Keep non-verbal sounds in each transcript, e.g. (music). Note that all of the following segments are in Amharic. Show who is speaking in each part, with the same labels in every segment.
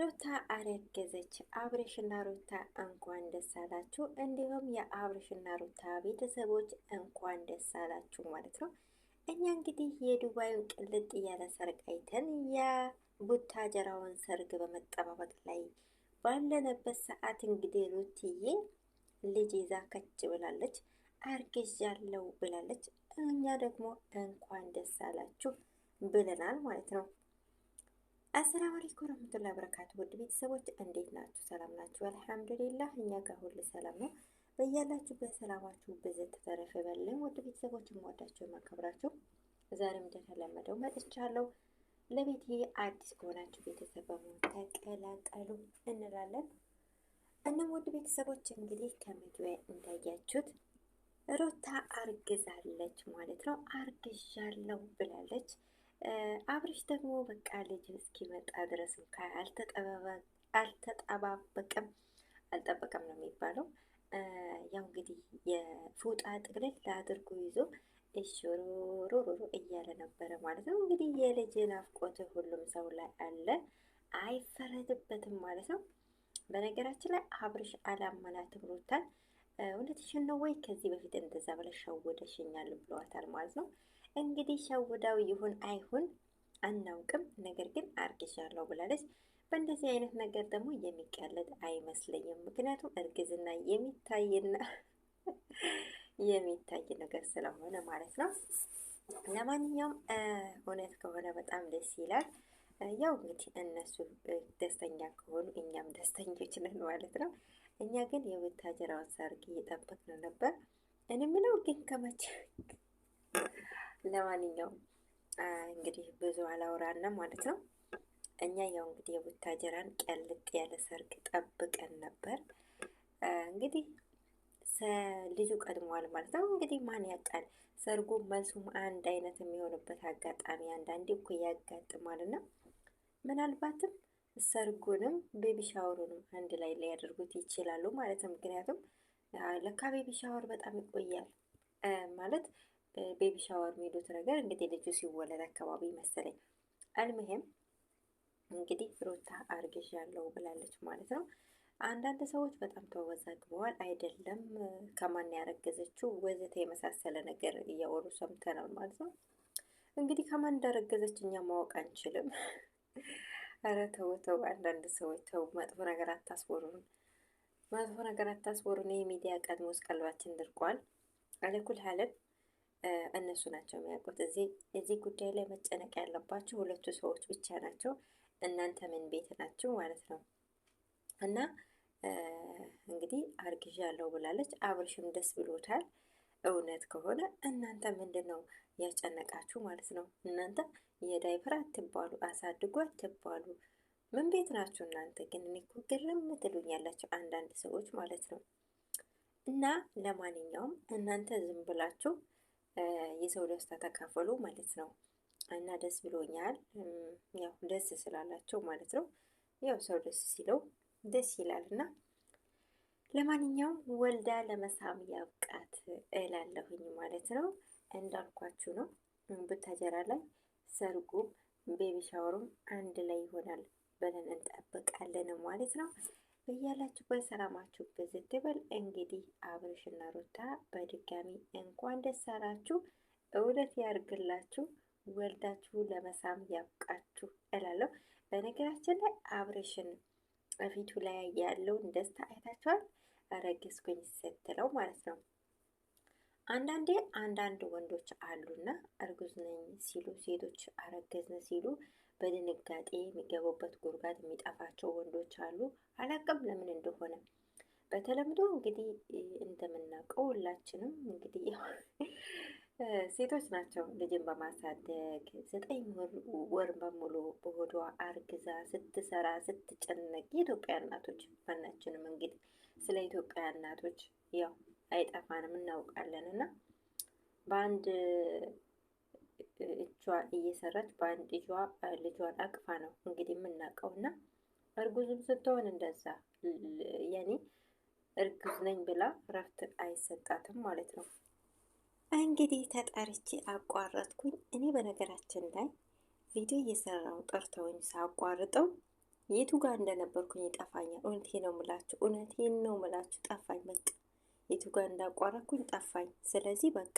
Speaker 1: ሩታ አረገዘች። አብሬሽና ሩታ እንኳን ደስ አላችሁ፣ እንዲሁም የአብሬሽና ሩታ ቤተሰቦች እንኳን ደስ አላችሁ ማለት ነው። እኛ እንግዲህ የዱባዩን ቅልጥ እያለ ሰርግ አይተን የቡታጀራውን ሰርግ በመጠባበቅ ላይ ባለንበት ሰዓት እንግዲህ ሩትዬ ልጅ ይዛ ከች ብላለች፣ አርግዣለሁ ብላለች። እኛ ደግሞ እንኳን ደስ አላችሁ ብለናል ማለት ነው። አሰላሙ አለይኩም ወረህመቱላሂ ወበረካቱ ውድ ቤተሰቦች እንዴት ናችሁ? ሰላም ናችሁ? አልሐምዱሊላህ እኛ ጋር ሁሉ ሰላም ነው። በያላችሁበት በሰላማችሁ ብዝት ተረፈ በለን። ውድ ቤተሰቦች የምወዳችሁ የማከብራችሁ ዛሬም እንደተለመደው መጥቻለሁ። ለቤት አዲስ ከሆናችሁ ቤተሰብ በመሆን ተቀላቀሉ እንላለን። እናም ውድ ቤተሰቦች እንግዲህ ከምግብ እንዳያችሁት ሩታ አርግዛለች ማለት ነው። አርግዣለሁ ብላለች። አብርሽ ደግሞ በቃ ልጅ እስኪመጣ ድረስ እንኳ አልተጠባበቀም አልጠበቀም ነው የሚባለው። ያው እንግዲህ የፉጣ ጥቅልል ለአድርጎ ይዞ እሽሮሮሮሮ እያለ ነበረ ማለት ነው። እንግዲህ የልጅ ናፍቆት ሁሉም ሰው ላይ አለ፣ አይፈረድበትም ማለት ነው። በነገራችን ላይ አብርሽ አላመናትም ሩታን። እውነትሽን ነው ወይ ከዚህ በፊት እንደዛ ብለሽ ሸውደሽኛል ብለዋታል ማለት ነው። እንግዲህ ሸውዳው ይሁን አይሁን አናውቅም፣ ነገር ግን አርግሻለሁ ብላለች። በእንደዚህ አይነት ነገር ደግሞ የሚቀለድ አይመስለኝም። ምክንያቱም እርግዝና የሚታይና (laughs) የሚታይ ነገር ስለሆነ ማለት ነው። ለማንኛውም እውነት ከሆነ በጣም ደስ ይላል። ያው እንግዲህ እነሱ ደስተኛ ከሆኑ እኛም ደስተኞች ነን ማለት ነው። እኛ ግን የቡታጀራውን ሰርግ እየጠበቅን ነበር። እኔ ምለው ግን ከመቼ ለማንኛውም እንግዲህ ብዙ አላውራና ማለት ነው። እኛ ያው እንግዲህ የቡታጀራን ቀልጥ ያለ ሰርግ ጠብቀን ነበር። እንግዲህ ልጁ ቀድሟል ማለት ነው። እንግዲህ ማን ያውቃል ሰርጉ መልሱም አንድ አይነት የሚሆንበት አጋጣሚ አንዳንዴ እኮ ያጋጥማልና ምናልባትም ሰርጉንም ቤቢ ሻወሩንም አንድ ላይ ሊያደርጉት ይችላሉ ማለት ነው። ምክንያቱም ለካ ቤቢ ሻወር በጣም ይቆያል ማለት ቤቢ ሻወር የሚሉት ነገር እንግዲህ ልጁ ሲወለድ አካባቢ መሰለኝ። አልምሄም እንግዲህ ሩታ አርግዥ ያለው ብላለች ማለት ነው። አንዳንድ ሰዎች በጣም ተወዛግበዋል። አይደለም ከማን ያረገዘችው ወዘተ የመሳሰለ ነገር እያወሩ ሰምተናል ማለት ነው። እንግዲህ ከማን እንዳረገዘች እኛ ማወቅ አንችልም። ኧረ (laughs) ተው ተው፣ አንዳንድ ሰዎች ተው፣ መጥፎ ነገር አታስወሩን፣ መጥፎ ነገር አታስወሩን። የሚዲያ ቀድሞስ ቀልባችን ድርቋል። አለኩል ሀለን እነሱ ናቸው የሚያውቁት። እዚህ ጉዳይ ላይ መጨነቅ ያለባቸው ሁለቱ ሰዎች ብቻ ናቸው። እናንተ ምን ቤት ናቸው ማለት ነው እና እንግዲህ አርግዣ አርግዣለሁ ብላለች። አብርሽም ደስ ብሎታል። እውነት ከሆነ እናንተ ምንድን ነው ያጨነቃችሁ ማለት ነው። እናንተ የዳይፐር አትባሉ፣ አሳድጎ አትባሉ። ምን ቤት ናችሁ እናንተ ግን? እኔ እኮ ግርም ትሉኛላችሁ አንዳንድ ሰዎች ማለት ነው። እና ለማንኛውም እናንተ ዝም ብላችሁ የሰው ደስታ ተካፈሉ ማለት ነው። እና ደስ ብሎኛል፣ ያው ደስ ስላላቸው ማለት ነው። ያው ሰው ደስ ሲለው ደስ ይላል እና ለማንኛውም ወልዳ ለመሳም ያብቃት እላለሁኝ ማለት ነው። እንዳልኳችሁ ነው ብታጀራ ላይ ሰርጉም ቤቢ ሻወሩም አንድ ላይ ይሆናል ብለን እንጠብቃለን ማለት ነው። በያላችሁበት ሰላማችሁ ብዝት እንግዲህ አብርሽና ሩታ በድጋሚ እንኳን ደስ አላችሁ፣ እውነት ያርግላችሁ፣ ወልዳችሁ ለመሳም ያብቃችሁ እላለሁ። በነገራችን ላይ አብርሽን ፊቱ ላይ ያለውን ደስታ አይታችኋል። ረገዝኩኝ ስትለው ማለት ነው። አንዳንዴ አንዳንድ ወንዶች አሉና እርጉዝ ነኝ ሲሉ ሴቶች አረገዝን ሲሉ በድንጋጤ የሚገቡበት ጉድጓድ የሚጠፋቸው ወንዶች አሉ። አላቅም ለምን እንደሆነ። በተለምዶ እንግዲህ እንደምናውቀው ሁላችንም እንግዲህ (laughs) ሴቶች ናቸው ልጅን በማሳደግ ዘጠኝ ወር በሙሉ በሆዷ አርግዛ ስትሰራ ስትጨነቅ የኢትዮጵያ እናቶች ማናችንም እንግዲህ ስለ ኢትዮጵያ እናቶች ያው አይጠፋንም እናውቃለን እና በአንድ እጇ እየሰራች በአንድ እጇ ልጇን አቅፋ ነው እንግዲህ የምናውቀው እና እርጉዝም ስትሆን እንደዛ የኔ እርግዝ ነኝ ብላ እረፍት አይሰጣትም ማለት ነው። እንግዲህ ተጠርቼ አቋረጥኩኝ። እኔ በነገራችን ላይ ቪዲዮ እየሰራው ጠርተውኝ ሳቋርጠው የቱ ጋር እንደነበርኩኝ ይጠፋኛል። እውነቴ ነው ምላችሁ፣ እውነቴን ነው ምላችሁ ጠፋኝ። በቃ የቱ ጋር እንዳቋረጥኩኝ ጠፋኝ። ስለዚህ በቃ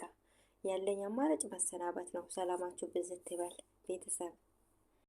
Speaker 1: ያለኝ አማራጭ መሰናበት ነው። ሰላማችሁ ብዝት ይበል ቤተሰብ።